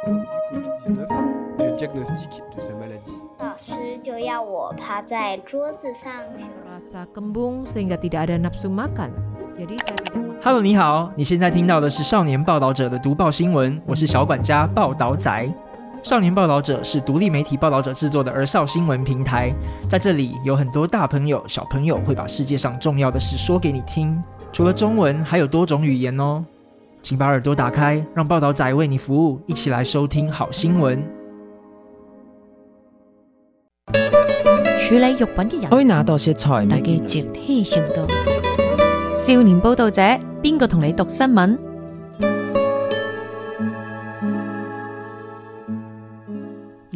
老師就要我趴在桌子上。我覺得腫脹，所以並沒有任何食慾。Hello，你好，你現在聽到的是少年報導者的讀報新聞，我是小管家報導仔。少年報導者是獨立媒體報導者製作的兒少新聞平台，在這裡有很多大朋友、小朋友會把世界上重要的事說給你聽，除了中文，還有多種語言哦。請把耳朵打開，讓報導仔為你服務，一起來收聽好新聞。處理玉品嘅人開哪道食材，大家接聽 少年報導者邊個同你讀新聞？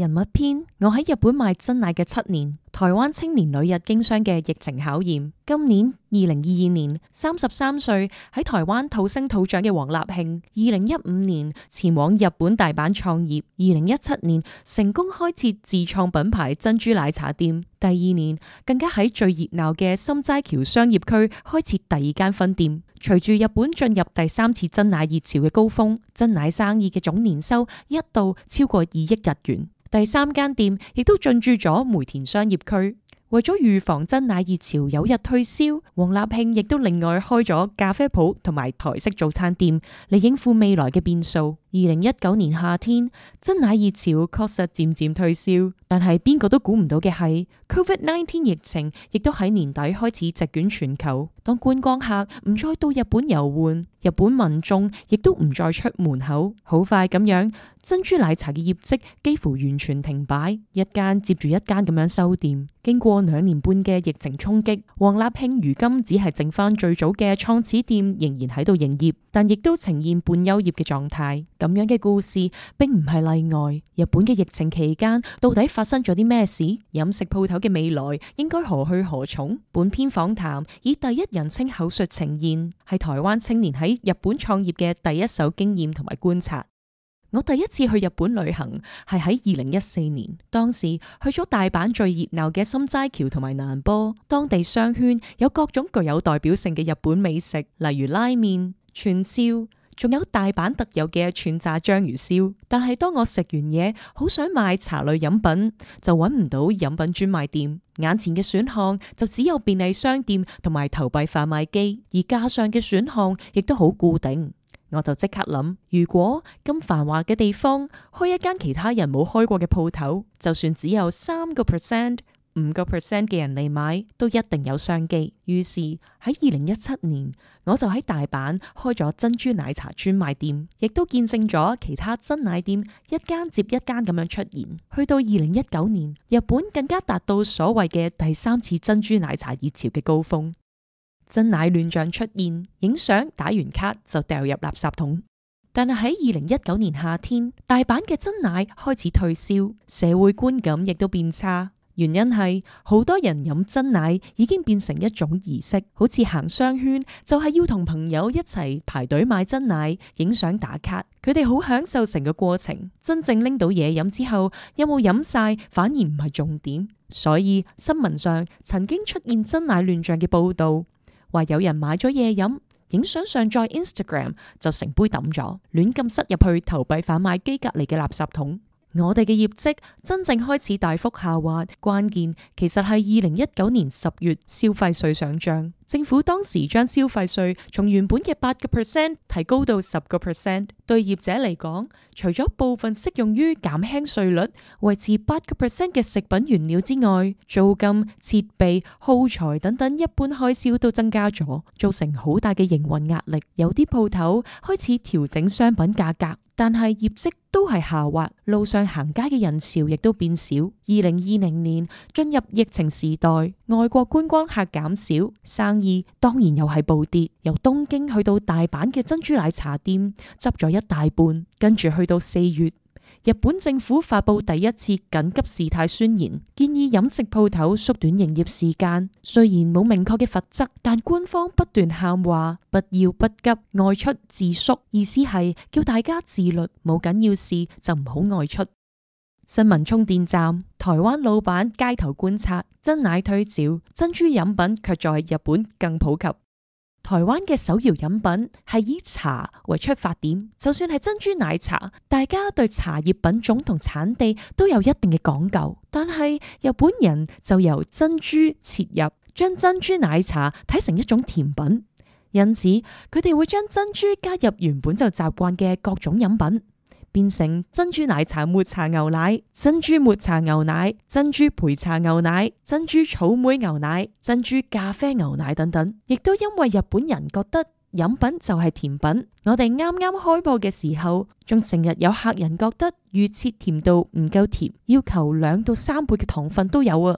人物篇：我喺日本賣珍奶嘅七年，台灣青年旅日經商嘅疫情考驗。今年二零二二年，三十三歲喺台灣土生土長嘅王立慶，二零一五年前往日本大阪創業，二零一七年成功開設自創品牌珍珠奶茶店。第二年更加喺最熱鬧嘅心齋橋商業區開設第二間分店。隨住日本進入第三次珍奶熱潮嘅高峰，珍奶生意嘅總年收一度超過二億日元。第三間店亦都進駐咗梅田商業區，為咗預防珍奶熱潮有日退燒，王立慶亦都另外開咗咖啡鋪同埋台式早餐店嚟應付未來嘅變數。二零一九年夏天，珍奶熱潮確實漸漸退燒，但係邊個都估唔到嘅係，COVID nineteen 疫情，亦都喺年底開始席捲全球。當觀光客唔再到日本遊玩，日本民眾亦都唔再出門口，好快咁樣，珍珠奶茶嘅業績幾乎完全停擺，一間接住一間咁樣收店。經過兩年半嘅疫情衝擊，王立慶如今只係剩翻最早嘅創始店仍然喺度營業，但亦都呈現半休業嘅狀態。咁樣嘅故事並唔係例外。日本嘅疫情期間到底發生咗啲咩事？飲食鋪頭嘅未來應該何去何從？本篇訪談以第一人稱口述呈現，係台灣青年喺日本創業嘅第一手經驗同埋觀察。我第一次去日本旅行係喺二零一四年，當時去咗大阪最熱鬧嘅心齋橋同埋難波，當地商圈有各種具有代表性嘅日本美食，例如拉麵、串燒。仲有大阪特有嘅串炸章魚燒，但係當我食完嘢，好想買茶類飲品，就揾唔到飲品專賣店。眼前嘅選項就只有便利商店同埋投幣販賣機，而架上嘅選項亦都好固定。我就即刻諗，如果咁繁華嘅地方開一間其他人冇開過嘅鋪頭，就算只有三個 percent，五個 percent 嘅人嚟買都一定有商機。於是喺二零一七年，我就喺大阪開咗珍珠奶茶專賣店，亦都見證咗其他珍奶店一間接一間咁樣出現。去到二零一九年，日本更加達到所謂嘅第三次珍珠奶茶熱潮嘅高峰，珍奶亂象出現，影相打完卡就掉入垃圾桶。但係喺二零一九年夏天，大阪嘅珍奶開始退燒，社會觀感亦都變差。原因係好多人飲真奶已經變成一種儀式，好似行商圈就係要同朋友一齊排隊買真奶，影相打卡，佢哋好享受成個過程。真正拎到嘢飲之後，有冇飲晒反而唔係重點。所以新聞上曾經出現真奶亂象嘅報道，話有人買咗嘢飲，影相上載 Instagram 就成杯抌咗，亂咁塞入去投幣販賣機隔籬嘅垃圾桶。我哋嘅業績真正開始大幅下滑，關鍵其實係二零一九年十月消費稅上漲。政府當時將消費稅從原本嘅八個 percent 提高到十個 percent，對業者嚟講，除咗部分適用於減輕稅率、維持八個 percent 嘅食品原料之外，租金、設備、耗材等等一般開銷都增加咗，造成好大嘅營運壓力。有啲鋪頭開始調整商品價格，但係業績都係下滑。路上行街嘅人潮亦都變少。二零二零年進入疫情時代，外國觀光客減少，生意當然又係暴跌，由東京去到大阪嘅珍珠奶茶店執咗一大半，跟住，去到四月，日本政府發佈第一次緊急事態宣言，建議飲食鋪頭縮短營業時間。雖然冇明確嘅罰則，但官方不斷喊話，不要不急外出自縮，意思係叫大家自律，冇緊要事就唔好外出。新聞充電站，台灣老闆街頭觀察，珍奶退燒珍珠飲品，卻在日本更普及。台灣嘅手搖飲品係以茶為出發點，就算係珍珠奶茶，大家對茶葉品種同產地都有一定嘅講究。但係日本人就由珍珠切入，將珍珠奶茶睇成一種甜品，因此佢哋會將珍珠加入原本就習慣嘅各種飲品。變成珍珠奶茶、抹茶牛奶、珍珠抹茶牛奶、珍珠焙茶牛奶、珍珠草莓牛奶、珍珠咖啡牛奶等等，亦都因為日本人覺得飲品就係甜品。我哋啱啱開播嘅時候，仲成日有客人覺得預設甜度唔夠甜，要求兩到三倍嘅糖分都有啊。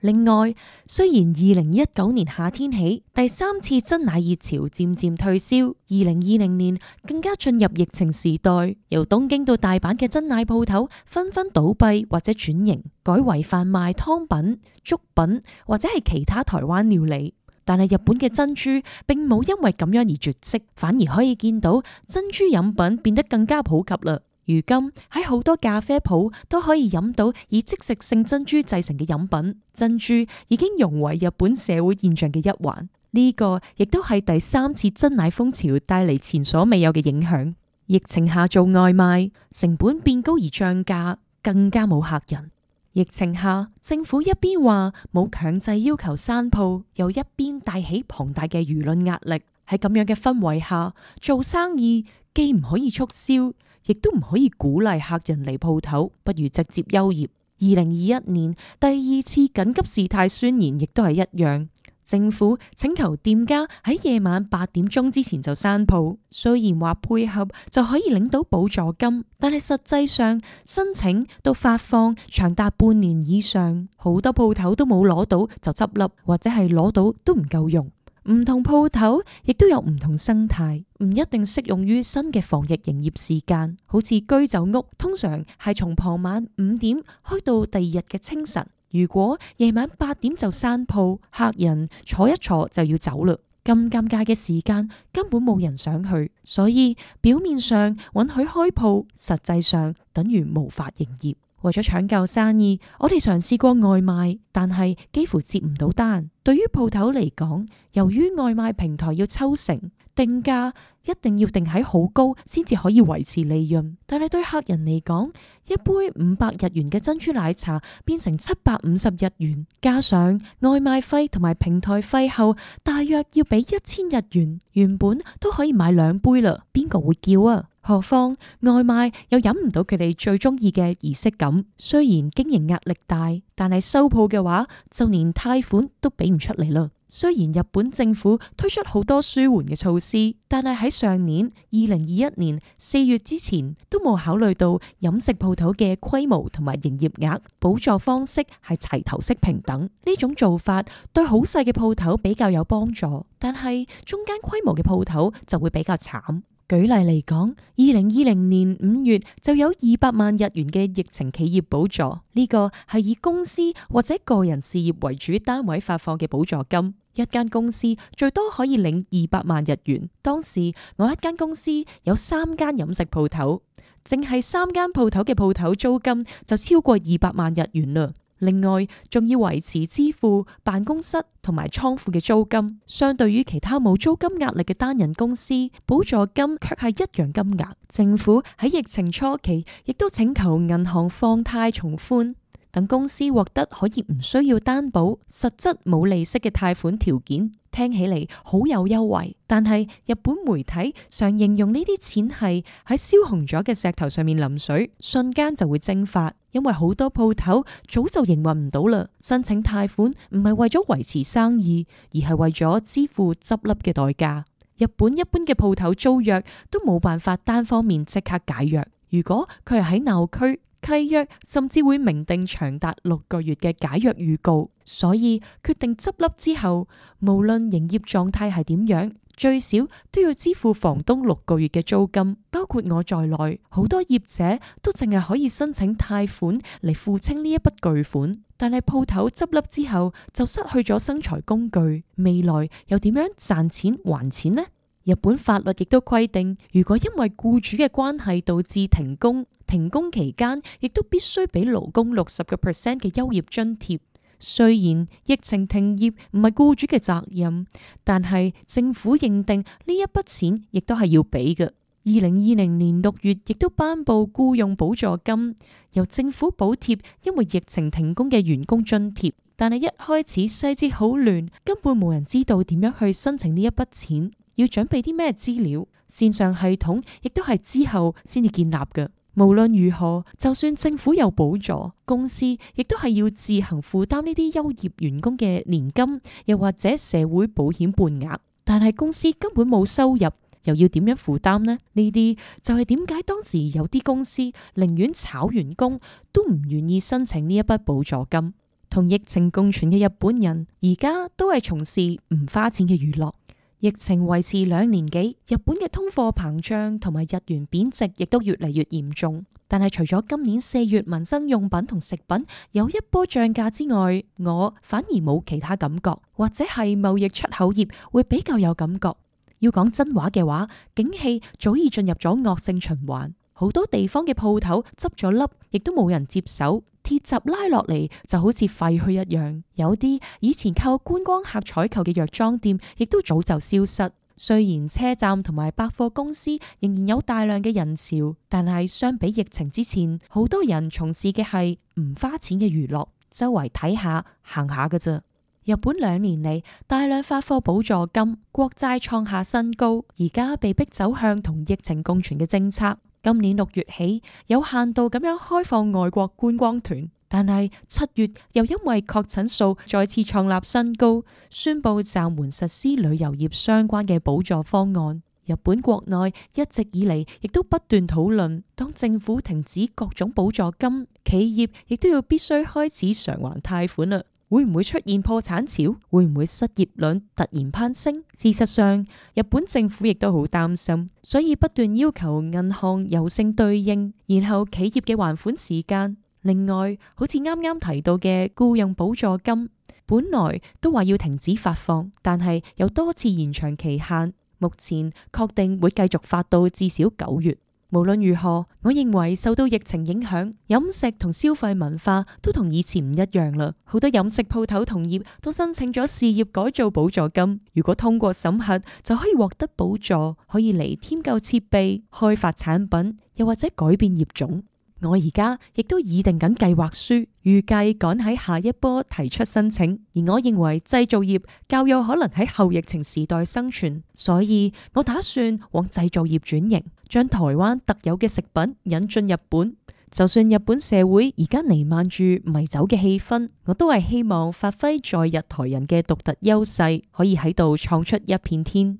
另外，雖然二零一九年夏天起第三次珍奶熱潮漸漸退燒，二零二零年更加進入疫情時代，由東京到大阪嘅珍奶鋪頭紛紛倒閉或者轉型，改為販賣湯品、粥品或者係其他台灣料理。但係日本嘅珍珠並冇因為咁樣而絕跡，反而可以見到珍珠飲品變得更加普及啦。如今喺好多咖啡鋪都可以飲到以即食性珍珠製成嘅飲品，珍珠已經融為日本社會現象嘅一環。呢個亦都係第三次珍奶風潮帶嚟前所未有嘅影響。疫情下做外賣成本變高而漲價，更加冇客人。疫情下政府一邊話冇強制要求閂鋪，又一邊帶起龐大嘅輿論壓力。喺咁樣嘅氛圍下做生意既唔可以促銷，亦都唔可以鼓勵客人嚟鋪頭，不如直接休業。二零二一年第二次緊急事態宣言亦都係一樣，政府請求店家喺夜晚八點鐘之前就閂鋪。雖然話配合就可以領到補助金，但係實際上申請到發放長達半年以上，好多鋪頭都冇攞到就執笠，或者係攞到都唔夠用。唔同鋪頭亦都有唔同生態，唔一定適用於新嘅防疫營業時間。好似居酒屋，通常係從傍晚五點開到第二日嘅清晨。如果夜晚八點就閂鋪，客人坐一坐就要走啦，咁尷尬嘅時間根本冇人想去，所以表面上允許開鋪，實際上等於無法營業。為咗搶救生意，我哋嘗試過外賣，但係幾乎接唔到單。對於鋪頭嚟講，由於外賣平台要抽成，定價一定要定喺好高先至可以維持利潤。但係對客人嚟講，一杯五百日元嘅珍珠奶茶變成七百五十日元，加上外賣費同埋平台費後，大約要俾一千日元，原本都可以買兩杯啦。邊個會叫啊？何況外賣又飲唔到佢哋最中意嘅儀式感。雖然經營壓力大，但係收鋪嘅話，就連貸款都俾唔出嚟啦。雖然日本政府推出好多舒緩嘅措施，但係喺上年二零二一年四月之前，都冇考慮到飲食鋪頭嘅規模同埋營業額，補助方式係齊頭式平等。呢種做法對好細嘅鋪頭比較有幫助，但係中間規模嘅鋪頭就會比較慘。舉例嚟講，二零二零年五月就有二百萬日元嘅疫情企業補助，呢個係以公司或者個人事業為主單位發放嘅補助金，一間公司最多可以領二百萬日元。當時我一間公司有三間飲食鋪頭，淨係三間鋪頭嘅鋪頭租金就超過二百萬日元啦。另外，仲要維持支付辦公室同埋倉庫嘅租金，相對於其他冇租金壓力嘅單人公司，補助金卻係一樣金額。政府喺疫情初期，亦都請求銀行放貸從寬，等公司獲得可以唔需要擔保、實質冇利息嘅貸款條件。聽起嚟好有優惠，但係日本媒體常形容呢啲錢係喺燒紅咗嘅石頭上面淋水，瞬間就會蒸發。因為好多鋪頭早就營運唔到啦，申請貸款唔係為咗維持生意，而係為咗支付執笠嘅代價。日本一般嘅鋪頭租約都冇辦法單方面即刻解約，如果佢係喺鬧區。契約甚至會明定長達六個月嘅解約預告，所以決定執笠之後，無論營業狀態係點樣，最少都要支付房東六個月嘅租金，包括我在內，好多業者都淨係可以申請貸款嚟付清呢一筆巨款，但係鋪頭執笠之後就失去咗生財工具，未來又點樣賺錢還錢呢？日本法律亦都規定，如果因為僱主嘅關係導致停工，停工期間亦都必須俾勞工六十個 percent 嘅休業津貼。雖然疫情停業唔係僱主嘅責任，但係政府認定呢一筆錢亦都係要俾嘅。二零二零年六月亦都頒布僱傭補助金，由政府補貼因為疫情停工嘅員工津貼，但係一開始細節好亂，根本冇人知道點樣去申請呢一筆錢。要準備啲咩資料？線上系統亦都係之後先至建立嘅。無論如何，就算政府有補助，公司亦都係要自行負擔呢啲休業員工嘅年金，又或者社會保險半額。但係公司根本冇收入，又要點樣負擔呢？呢啲就係點解當時有啲公司寧願炒員工，都唔願意申請呢一筆補助金。同疫情共存嘅日本人，而家都係從事唔花錢嘅娛樂。疫情維持兩年幾，日本嘅通貨膨脹同埋日元貶值亦都越嚟越嚴重。但係除咗今年四月民生用品同食品有一波漲價之外，我反而冇其他感覺，或者係貿易出口業會比較有感覺。要講真話嘅話，景氣早已進入咗惡性循環，好多地方嘅鋪頭執咗笠，亦都冇人接手。鐵閘拉落嚟，就好似廢墟一樣，有啲以前靠觀光客採購嘅藥妝店亦都早就消失。雖然車站同埋百貨公司仍然有大量嘅人潮，但係相比疫情之前，好多人從事嘅係唔花錢嘅娛樂，周圍睇下行下嘅啫。日本兩年嚟，大量發放補助金，國債創下新高，而家被逼走向同疫情共存嘅政策。今年六月起，有限度咁樣開放外國觀光團，但係七月又因為確診數再次創立新高，宣布暫緩實施旅遊業相關嘅補助方案。日本國內一直以嚟亦都不斷討論，當政府停止各種補助金，企業亦都要必須開始償還貸款啦。會唔會出現破產潮？會唔會失業率突然攀升？事實上，日本政府亦都好擔心，所以不斷要求銀行柔性對應，然後企業嘅還款時間。另外，好似啱啱提到嘅僱傭補助金，本來都話要停止發放，但係有多次延長期限，目前確定會繼續發到至少九月。無論如何，我認為受到疫情影響，飲食同消費文化都同以前唔一樣啦。好多飲食鋪頭同業都申請咗事業改造補助金，如果通過審核就可以獲得補助，可以嚟添購設備、開發產品，又或者改變業種。我而家亦都擬定緊計劃書，預計趕喺下一波提出申請。而我認為製造業較有可能喺後疫情時代生存，所以我打算往製造業轉型。將台灣特有嘅食品引進日本，就算日本社會而家彌漫住迷酒嘅氣氛，我都係希望發揮在日台人嘅獨特優勢，可以喺度創出一片天。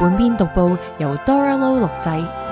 本篇讀報由 Dora Low 錄製。